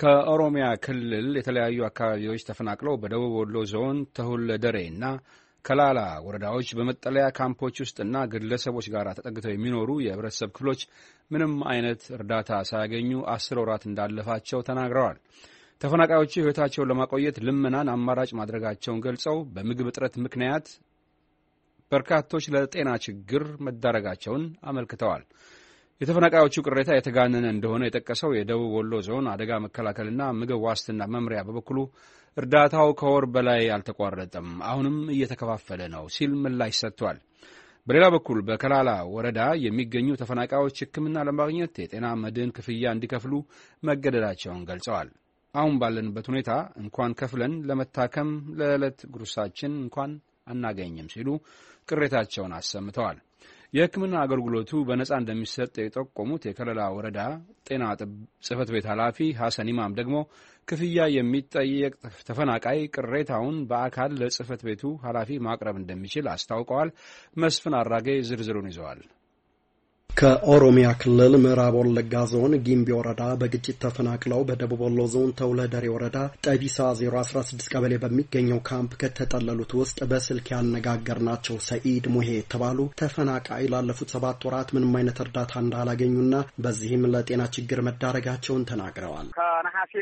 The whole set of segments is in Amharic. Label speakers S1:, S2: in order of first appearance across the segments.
S1: ከኦሮሚያ ክልል የተለያዩ አካባቢዎች ተፈናቅለው በደቡብ ወሎ ዞን ተሁለደሬ እና ከላላ ወረዳዎች በመጠለያ ካምፖች ውስጥና ግለሰቦች ጋር ተጠግተው የሚኖሩ የህብረተሰብ ክፍሎች ምንም አይነት እርዳታ ሳያገኙ አስር ወራት እንዳለፋቸው ተናግረዋል። ተፈናቃዮቹ ህይወታቸውን ለማቆየት ልመናን አማራጭ ማድረጋቸውን ገልጸው በምግብ እጥረት ምክንያት በርካቶች ለጤና ችግር መዳረጋቸውን አመልክተዋል። የተፈናቃዮቹ ቅሬታ የተጋነነ እንደሆነ የጠቀሰው የደቡብ ወሎ ዞን አደጋ መከላከልና ምግብ ዋስትና መምሪያ በበኩሉ እርዳታው ከወር በላይ አልተቋረጠም፣ አሁንም እየተከፋፈለ ነው ሲል ምላሽ ሰጥቷል። በሌላ በኩል በከላላ ወረዳ የሚገኙ ተፈናቃዮች ሕክምና ለማግኘት የጤና መድን ክፍያ እንዲከፍሉ መገደዳቸውን ገልጸዋል። አሁን ባለንበት ሁኔታ እንኳን ከፍለን ለመታከም ለዕለት ጉርሳችን እንኳን አናገኝም ሲሉ ቅሬታቸውን አሰምተዋል። የሕክምና አገልግሎቱ በነጻ እንደሚሰጥ የጠቆሙት የከለላ ወረዳ ጤና ጽህፈት ቤት ኃላፊ ሐሰን ኢማም ደግሞ ክፍያ የሚጠየቅ ተፈናቃይ ቅሬታውን በአካል ለጽህፈት ቤቱ ኃላፊ ማቅረብ እንደሚችል አስታውቀዋል። መስፍን አራጌ ዝርዝሩን ይዘዋል።
S2: ከኦሮሚያ ክልል ምዕራብ ወለጋ ዞን ጊምቢ ወረዳ በግጭት ተፈናቅለው በደቡብ ወሎ ዞን ተውለደሬ ወረዳ ጠቢሳ 016 ቀበሌ በሚገኘው ካምፕ ከተጠለሉት ውስጥ በስልክ ያነጋገርናቸው ሰኢድ ሙሄ የተባሉ ተፈናቃይ ላለፉት ሰባት ወራት ምንም አይነት እርዳታ እንዳላገኙና በዚህም ለጤና ችግር መዳረጋቸውን ተናግረዋል። ከነሐሴ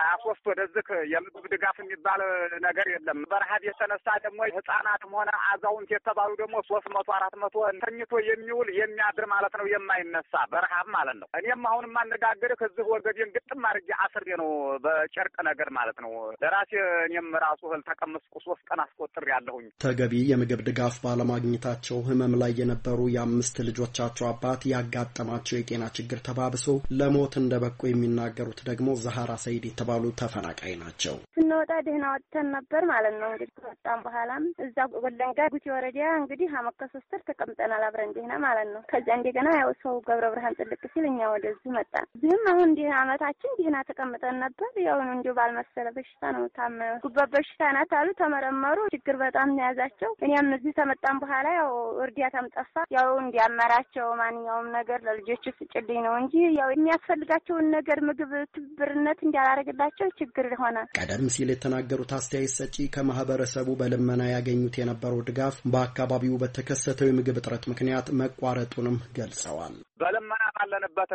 S2: ሀያ ሶስት ወደዚህ የምግብ ድጋፍ የሚባል ነገር የለም። በረሃብ የተነሳ ደግሞ ህጻናትም ሆነ አዛውንት የተባሉ ደግሞ ሶስት መቶ አራት መቶ ተኝቶ የሚውል የሚያድር ማለት ማለት ነው የማይነሳ በረሃብ ማለት ነው። እኔም አሁን የማነጋገር ከዚህ ወገዴን ግጥም አድርጌ አስሬ ነው በጨርቅ ነገር ማለት ነው ለራሴ እኔም ራሱ እህል ተቀመስኩ ሶስት ቀን አስቆጥር ያለሁኝ። ተገቢ የምግብ ድጋፍ ባለማግኘታቸው ህመም ላይ የነበሩ የአምስት ልጆቻቸው አባት ያጋጠማቸው የጤና ችግር ተባብሶ ለሞት እንደበቁ የሚናገሩት ደግሞ ዛሃራ ሰይድ የተባሉ ተፈናቃይ ናቸው።
S1: ስንወጣ ደህና ወጥተን ነበር ማለት ነው እንግዲህ ከወጣም በኋላም እዛ ወለንጋ ጉቲ ወረዳ እንግዲህ አመከሶስትር ተቀምጠናል አብረን ደህና ማለት ነው ከዚያ እንደገና እንደገና ያው ሰው ገብረ ብርሃን ጥልቅ ሲል እኛ ወደዚህ መጣ። እዚህም አሁን እንዲህ አመታችን እንዲህና ተቀምጠን ነበር። ያው እንዲሁ ባልመሰለ በሽታ ነው ታመ ጉበት በሽታ ናት አሉ። ተመረመሩ። ችግር በጣም ያዛቸው። እኛም እዚህ ተመጣን በኋላ ያው እርዳታም ጠፋ። ያው እንዲያመራቸው ማንኛውም ነገር ለልጆቹ ስጭልኝ ነው እንጂ ያው የሚያስፈልጋቸውን ነገር ምግብ ትብርነት እንዲያላረግላቸው ችግር ሆነ።
S2: ቀደም ሲል የተናገሩት አስተያየት ሰጪ ከማህበረሰቡ በልመና ያገኙት የነበረው ድጋፍ በአካባቢው በተከሰተው የምግብ እጥረት ምክንያት መቋረጡንም ገል So on. በልመና ባለንበት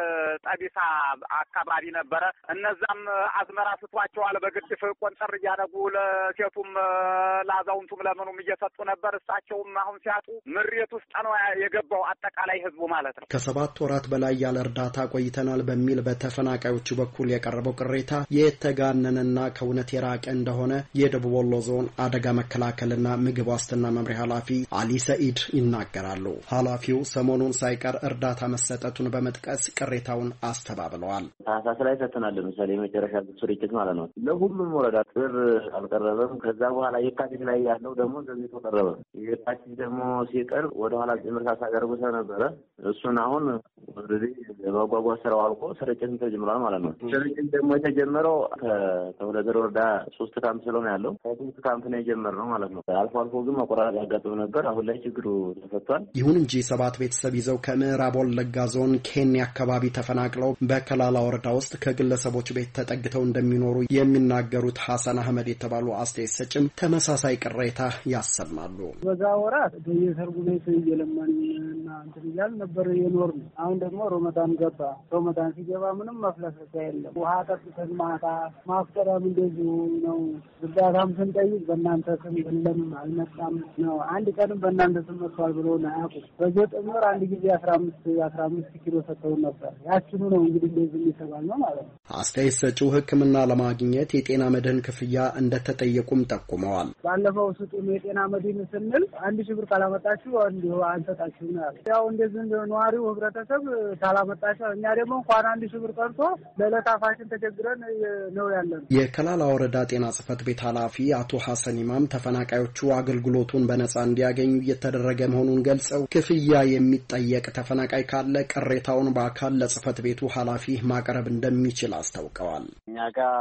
S2: ጠቢሳ አካባቢ ነበረ። እነዛም አዝመራ ስቷቸዋል። በግድፍ ቆንጠር እያደረጉ ለሴቱም ለአዛውንቱም ለምኑም እየሰጡ ነበር። እሳቸውም አሁን ሲያጡ ምሬት ውስጥ ነው የገባው አጠቃላይ ህዝቡ ማለት ነው። ከሰባት ወራት በላይ ያለ እርዳታ ቆይተናል በሚል በተፈናቃዮቹ በኩል የቀረበው ቅሬታ የተጋነነና ከእውነት የራቀ እንደሆነ የደቡብ ወሎ ዞን አደጋ መከላከልና ምግብ ዋስትና መምሪያ ኃላፊ አሊ ሰኢድ ይናገራሉ። ኃላፊው ሰሞኑን ሳይቀር እርዳታ መሰ መሰጠቱን በመጥቀስ ቅሬታውን አስተባብለዋል። ታህሳስ ላይ ሰጥተናል። ለምሳሌ የመጨረሻ ስርጭት ማለት ነው። ለሁሉም ወረዳ ጥር አልቀረበም። ከዛ በኋላ የካቲት ላይ ያለው ደግሞ ዘግይቶ ቀረበ። የካቲት ደግሞ ሲቀር ወደኋላ ጭምርታ ሳቀርቡ ስለነበረ እሱን አሁን የማጓጓዝ ስራው አልቆ ስርጭትን ተጀምሯል ማለት ነው። ስርጭት ደግሞ የተጀመረው ከተወለደር ወረዳ ሶስት ካምፕ ስለሆነ ያለው ከሶስት ካምፕ ነው የጀመርነው ማለት ነው። አልፎ አልፎ ግን መቆራረጥ ያጋጥም ነበር። አሁን ላይ ችግሩ ተፈቷል። ይሁን እንጂ ሰባት ቤተሰብ ይዘው ከምዕራብ ወለጋ ወለጋ ዞን ኬኒ አካባቢ ተፈናቅለው በከላላ ወረዳ ውስጥ ከግለሰቦች ቤት ተጠግተው እንደሚኖሩ የሚናገሩት ሐሰን አህመድ የተባሉ አስተያየት ሰጭም ተመሳሳይ ቅሬታ ያሰማሉ። በዛ ወራት በየሰርጉ ቤት እየለመን እንትን እያል ነበር የኖር ነው። አሁን ደግሞ ሮመዳን ገባ። ሮመዳን ሲገባ ምንም መፍለሰቻ የለም። ውሃ ጠጥተን ማታ ማፍጠሪያም እንደዚሁ ነው። እርዳታም ስንጠይቅ በእናንተ ስም የለም አልመጣም ነው። አንድ ቀንም በእናንተ ስም መጥቷል ብሎ አያውቁም። በዚህ አንድ ጊዜ አስራ አምስት አስራ አምስት ኪሎ ሰጥተውን ነበር። ያችኑ ነው እንግዲህ እንደዚህ የሚሰባል ነው ማለት ነው። አስተያየት ሰጪው ሕክምና ለማግኘት የጤና መድህን ክፍያ እንደተጠየቁም ጠቁመዋል። ባለፈው ስጡን የጤና መድህን ስንል አንድ ሺህ ብር ካላመጣችሁ እንዲሁ አንሰጣችሁ ነው ያለ። ያው እንደዚህ ነዋሪው ህብረተሰብ ካላመጣችሁ፣ እኛ ደግሞ እንኳን አንድ ሺህ ብር ቀርቶ ለዕለት አፋችን ተቸግረን ነው ያለ ነው። የከላላ ወረዳ ጤና ጽህፈት ቤት ኃላፊ አቶ ሐሰን ኢማም ተፈናቃዮቹ አገልግሎቱን በነጻ እንዲያገኙ እየተደረገ መሆኑን ገልጸው ክፍያ የሚጠየቅ ተፈናቃይ ካለ ቅሬታውን በአካል ለጽህፈት ቤቱ ኃላፊ ማቅረብ እንደሚችል አስታውቀዋል። እኛ ጋር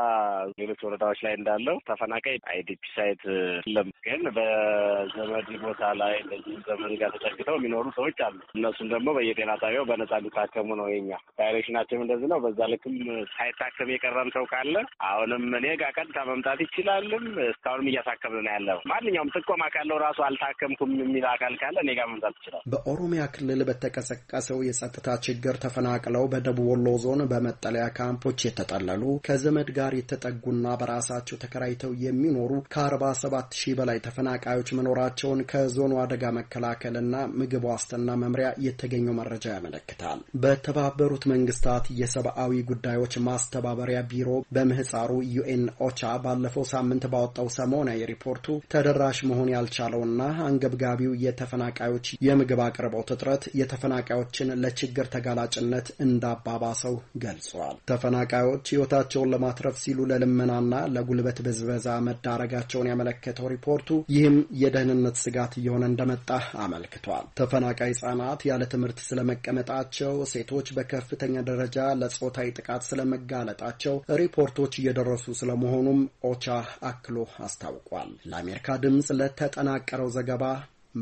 S2: ሌሎች ወረዳዎች ላይ እንዳለው ተፈናቃይ አይዲፒ ሳይት የለም፣ ግን በዘመድ ቦታ ላይ እንደዚህ ዘመድ ጋር ተጠግተው የሚኖሩ ሰዎች አሉ። እነሱም ደግሞ በየጤና ጣቢያው በነጻ እንዲታከሙ ነው የኛ ዳይሬክሽናችን እንደዚህ ነው። በዛ ልክም ሳይታከም የቀረም ሰው ካለ አሁንም እኔ ጋር ቀጥታ መምጣት ይችላልም። እስካሁንም እያሳከምን ነው ያለው። ማንኛውም ጥቆማ ካለው ራሱ አልታከምኩም የሚል አካል ካለ እኔ ጋር መምጣት ይችላል። በኦሮሚያ ክልል በተቀሰቀሰው የጸ የጸጥታ ችግር ተፈናቅለው በደቡብ ወሎ ዞን በመጠለያ ካምፖች የተጠለሉ ከዘመድ ጋር የተጠጉና በራሳቸው ተከራይተው የሚኖሩ ከ47 ሺህ በላይ ተፈናቃዮች መኖራቸውን ከዞኑ አደጋ መከላከልና ምግብ ዋስትና መምሪያ የተገኘው መረጃ ያመለክታል። በተባበሩት መንግስታት የሰብአዊ ጉዳዮች ማስተባበሪያ ቢሮ በምህፃሩ ዩኤን ኦቻ ባለፈው ሳምንት ባወጣው ሰሞናዊ ሪፖርቱ ተደራሽ መሆን ያልቻለውና አንገብጋቢው የተፈናቃዮች የምግብ አቅርቦት እጥረት የተፈናቃዮችን ለ ለችግር ተጋላጭነት እንዳባባሰው ገልጿል። ተፈናቃዮች ሕይወታቸውን ለማትረፍ ሲሉ ለልመናና ለጉልበት ብዝበዛ መዳረጋቸውን ያመለከተው ሪፖርቱ ይህም የደህንነት ስጋት እየሆነ እንደመጣ አመልክቷል። ተፈናቃይ ህጻናት ያለ ትምህርት ስለመቀመጣቸው፣ ሴቶች በከፍተኛ ደረጃ ለጾታዊ ጥቃት ስለመጋለጣቸው ሪፖርቶች እየደረሱ ስለመሆኑም ኦቻ አክሎ አስታውቋል። ለአሜሪካ ድምፅ ለተጠናቀረው ዘገባ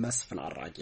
S2: መስፍን አራጌ